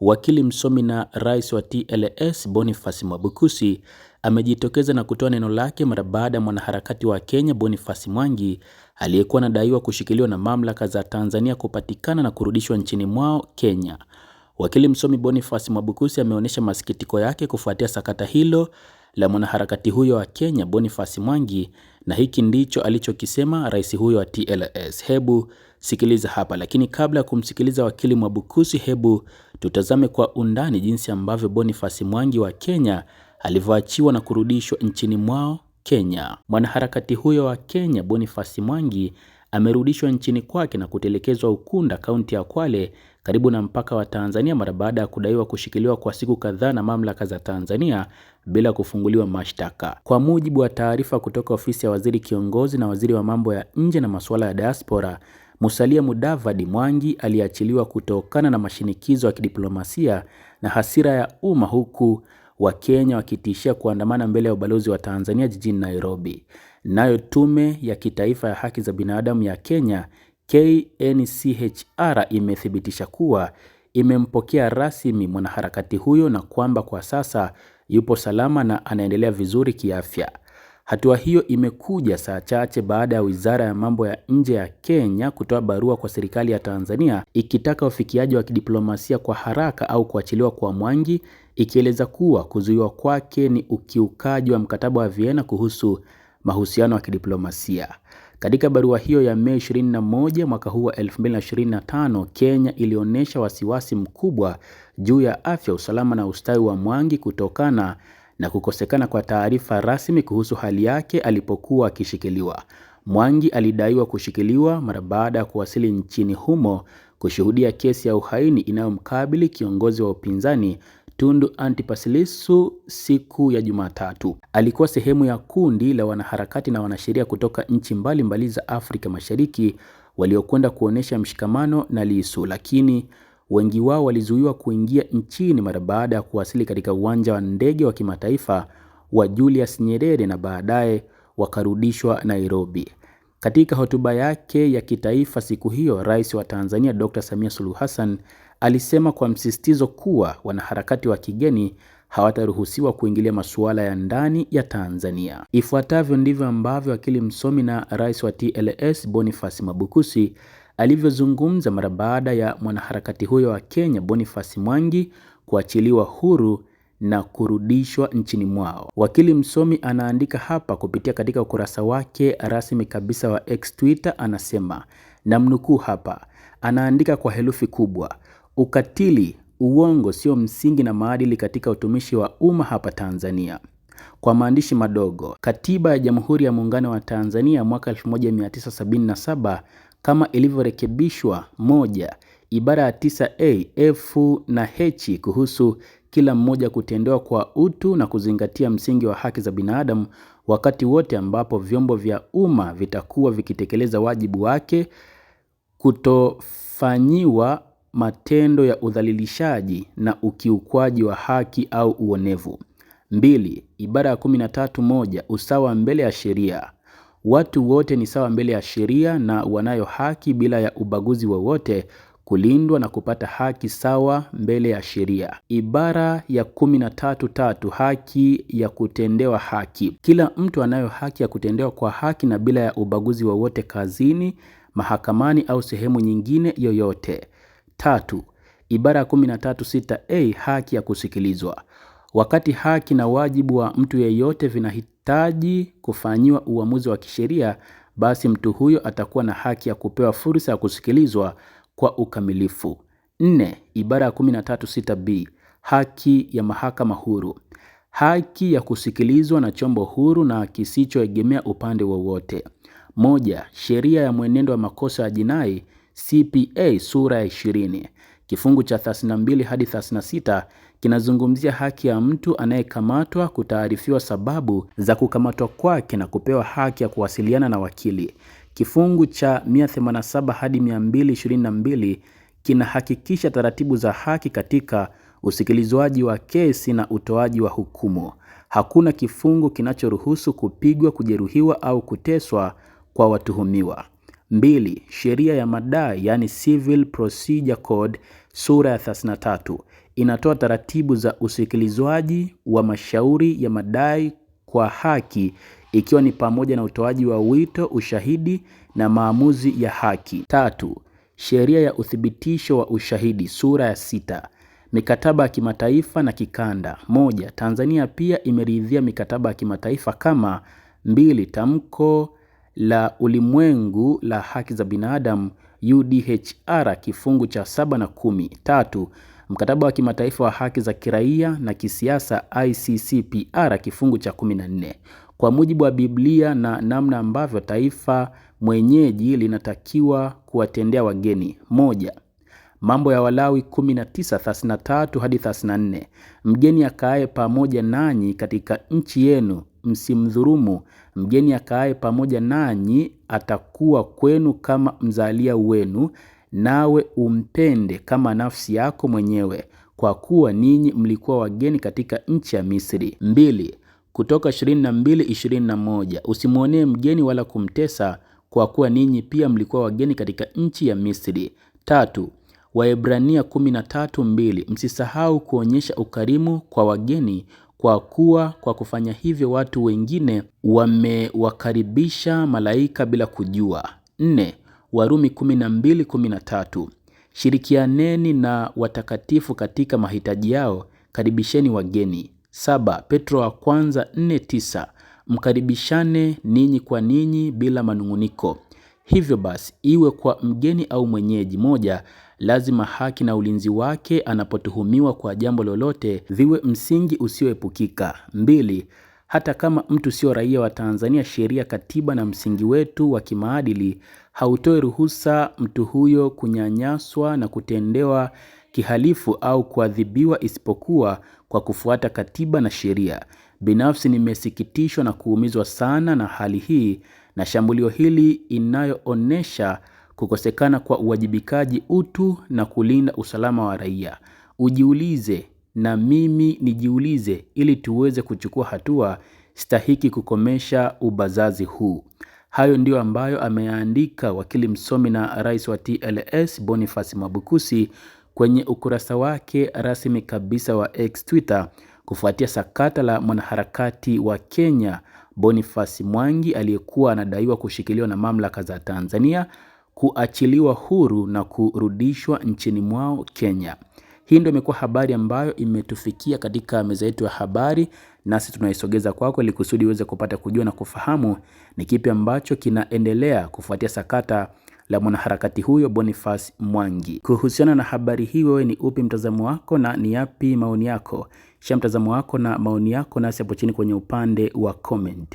Wakili msomi na rais wa TLS Boniface Mwabukusi amejitokeza na kutoa neno lake mara baada ya mwanaharakati wa Kenya Boniface Mwangi aliyekuwa anadaiwa kushikiliwa na mamlaka za Tanzania kupatikana na kurudishwa nchini mwao Kenya. Wakili msomi Boniface Mwabukusi ameonyesha masikitiko yake kufuatia sakata hilo la mwanaharakati huyo wa Kenya Boniface Mwangi, na hiki ndicho alichokisema rais huyo wa TLS. Hebu sikiliza hapa, lakini kabla ya kumsikiliza wakili Mwabukusi, hebu tutazame kwa undani jinsi ambavyo Boniface Mwangi wa Kenya alivyoachiwa na kurudishwa nchini mwao Kenya. Mwanaharakati huyo wa Kenya Boniface Mwangi amerudishwa nchini kwake na kutelekezwa Ukunda, kaunti ya Kwale karibu na mpaka wa Tanzania mara baada ya kudaiwa kushikiliwa kwa siku kadhaa na mamlaka za Tanzania bila kufunguliwa mashtaka. Kwa mujibu wa taarifa kutoka ofisi ya waziri kiongozi na waziri wa mambo ya nje na masuala ya diaspora, Musalia Mudavadi Mwangi aliachiliwa kutokana na mashinikizo ya kidiplomasia na hasira ya umma huku Wakenya wakitishia kuandamana mbele ya ubalozi wa Tanzania jijini Nairobi. Nayo tume ya kitaifa ya haki za binadamu ya Kenya KNCHR imethibitisha kuwa imempokea rasmi mwanaharakati huyo na kwamba kwa sasa yupo salama na anaendelea vizuri kiafya. Hatua hiyo imekuja saa chache baada ya Wizara ya Mambo ya Nje ya Kenya kutoa barua kwa serikali ya Tanzania ikitaka ufikiaji wa kidiplomasia kwa haraka au kuachiliwa kwa Mwangi ikieleza kuwa kuzuiwa kwake ni ukiukaji wa mkataba wa Vienna kuhusu mahusiano ya kidiplomasia. Katika barua hiyo ya Mei 21 mwaka huu wa 2025, Kenya ilionyesha wasiwasi mkubwa juu ya afya, usalama na ustawi wa Mwangi kutokana na kukosekana kwa taarifa rasmi kuhusu hali yake alipokuwa akishikiliwa. Mwangi alidaiwa kushikiliwa mara baada ya kuwasili nchini humo kushuhudia kesi ya uhaini inayomkabili kiongozi wa upinzani Tundu Antipas Lissu siku ya Jumatatu. Alikuwa sehemu ya kundi la wanaharakati na wanasheria kutoka nchi mbalimbali za Afrika Mashariki waliokwenda kuonesha mshikamano na Lissu, lakini wengi wao walizuiwa kuingia nchini mara baada ya kuwasili katika uwanja wa ndege wa kimataifa wa Julius Nyerere na baadaye wakarudishwa Nairobi. Katika hotuba yake ya kitaifa siku hiyo, Rais wa Tanzania Dr. Samia Suluhu Hassan alisema kwa msisitizo kuwa wanaharakati wa kigeni hawataruhusiwa kuingilia masuala ya ndani ya Tanzania. Ifuatavyo ndivyo ambavyo akili msomi na rais wa TLS Boniface Mwabukusi alivyozungumza mara baada ya mwanaharakati huyo wa Kenya Boniface Mwangi kuachiliwa huru na kurudishwa nchini mwao. Wakili msomi anaandika hapa kupitia katika ukurasa wake rasmi kabisa wa X Twitter, anasema namnukuu hapa, anaandika kwa herufi kubwa Ukatili, uongo sio msingi na maadili katika utumishi wa umma hapa Tanzania. Kwa maandishi madogo, Katiba ya Jamhuri ya Muungano wa Tanzania mwaka 1977 kama ilivyorekebishwa moja, ibara ya 9A, F na H kuhusu kila mmoja kutendewa kwa utu na kuzingatia msingi wa haki za binadamu wakati wote ambapo vyombo vya umma vitakuwa vikitekeleza wajibu wake kutofanyiwa matendo ya udhalilishaji na ukiukwaji wa haki au uonevu. Mbili, ibara ya kumi na tatu moja usawa mbele ya sheria. Watu wote ni sawa mbele ya sheria na wanayo haki bila ya ubaguzi wowote kulindwa na kupata haki sawa mbele ya sheria. Ibara ya kumi na tatu tatu haki ya kutendewa haki. Kila mtu anayo haki ya kutendewa kwa haki na bila ya ubaguzi wowote kazini, mahakamani au sehemu nyingine yoyote tatu ibara ya kumi na tatu sita a haki ya kusikilizwa. Wakati haki na wajibu wa mtu yeyote vinahitaji kufanyiwa uamuzi wa kisheria, basi mtu huyo atakuwa na haki ya kupewa fursa ya kusikilizwa kwa ukamilifu. Nne, ibara ya kumi na tatu sita b haki ya mahakama huru haki ya kusikilizwa na chombo huru na kisichoegemea upande wowote. Moja, sheria ya mwenendo wa makosa ya jinai CPA sura ya 20 kifungu cha 32 hadi 36 kinazungumzia haki ya mtu anayekamatwa kutaarifiwa sababu za kukamatwa kwake na kupewa haki ya kuwasiliana na wakili. Kifungu cha 187 hadi 222 kinahakikisha taratibu za haki katika usikilizwaji wa kesi na utoaji wa hukumu. Hakuna kifungu kinachoruhusu kupigwa, kujeruhiwa au kuteswa kwa watuhumiwa. Mbili, Sheria ya madai yani Civil Procedure Code sura ya 33 inatoa taratibu za usikilizwaji wa mashauri ya madai kwa haki ikiwa ni pamoja na utoaji wa wito, ushahidi na maamuzi ya haki. Tatu, sheria ya uthibitisho wa ushahidi sura ya sita mikataba ya kimataifa na kikanda. Moja, Tanzania pia imeridhia mikataba ya kimataifa kama mbili, tamko la ulimwengu la haki za binadamu UDHR kifungu cha saba na kumi. Tatu, mkataba wa kimataifa wa haki za kiraia na kisiasa ICCPR kifungu cha 14. Kwa mujibu wa Biblia na namna ambavyo taifa mwenyeji linatakiwa kuwatendea wageni. Moja, Mambo ya Walawi 19:33 hadi 34. Mgeni akaaye pamoja nanyi katika nchi yenu msimdhurumu. Mgeni akaaye pamoja nanyi atakuwa kwenu kama mzalia wenu, nawe umpende kama nafsi yako mwenyewe, kwa kuwa ninyi mlikuwa wageni katika nchi ya Misri. Mbili, Kutoka 22:21 usimwonee mgeni wala kumtesa, kwa kuwa ninyi pia mlikuwa wageni katika nchi ya Misri. Tatu, Waebrania 13:2 Msisahau kuonyesha ukarimu kwa wageni kwa kuwa kwa kufanya hivyo watu wengine wamewakaribisha malaika bila kujua. 4. Warumi 12:13 Shirikianeni na watakatifu katika mahitaji yao, karibisheni wageni. 7. Petro wa kwanza 4:9 Mkaribishane ninyi kwa ninyi bila manung'uniko. Hivyo basi, iwe kwa mgeni au mwenyeji, moja lazima haki na ulinzi wake anapotuhumiwa kwa jambo lolote viwe msingi usioepukika. Mbili, hata kama mtu sio raia wa Tanzania, sheria, katiba na msingi wetu wa kimaadili hautoe ruhusa mtu huyo kunyanyaswa na kutendewa kihalifu au kuadhibiwa isipokuwa kwa kufuata katiba na sheria. Binafsi nimesikitishwa na kuumizwa sana na hali hii na shambulio hili inayoonyesha kukosekana kwa uwajibikaji, utu na kulinda usalama wa raia. Ujiulize na mimi nijiulize, ili tuweze kuchukua hatua stahiki kukomesha ubazazi huu. Hayo ndiyo ambayo ameandika wakili msomi na rais wa TLS Boniface Mwabukusi kwenye ukurasa wake rasmi kabisa wa X Twitter kufuatia sakata la mwanaharakati wa Kenya Boniface Mwangi aliyekuwa anadaiwa kushikiliwa na mamlaka za Tanzania kuachiliwa huru na kurudishwa nchini mwao Kenya. Hii ndio imekuwa habari ambayo imetufikia katika meza yetu ya habari, nasi tunaisogeza kwako ili kusudi uweze kupata kujua na kufahamu ni kipi ambacho kinaendelea kufuatia sakata la mwanaharakati huyo Boniface Mwangi. Kuhusiana na habari hii, wewe ni upi mtazamo wako na ni yapi maoni yako? Shia mtazamo wako na maoni yako nasi hapo chini kwenye upande wa comment.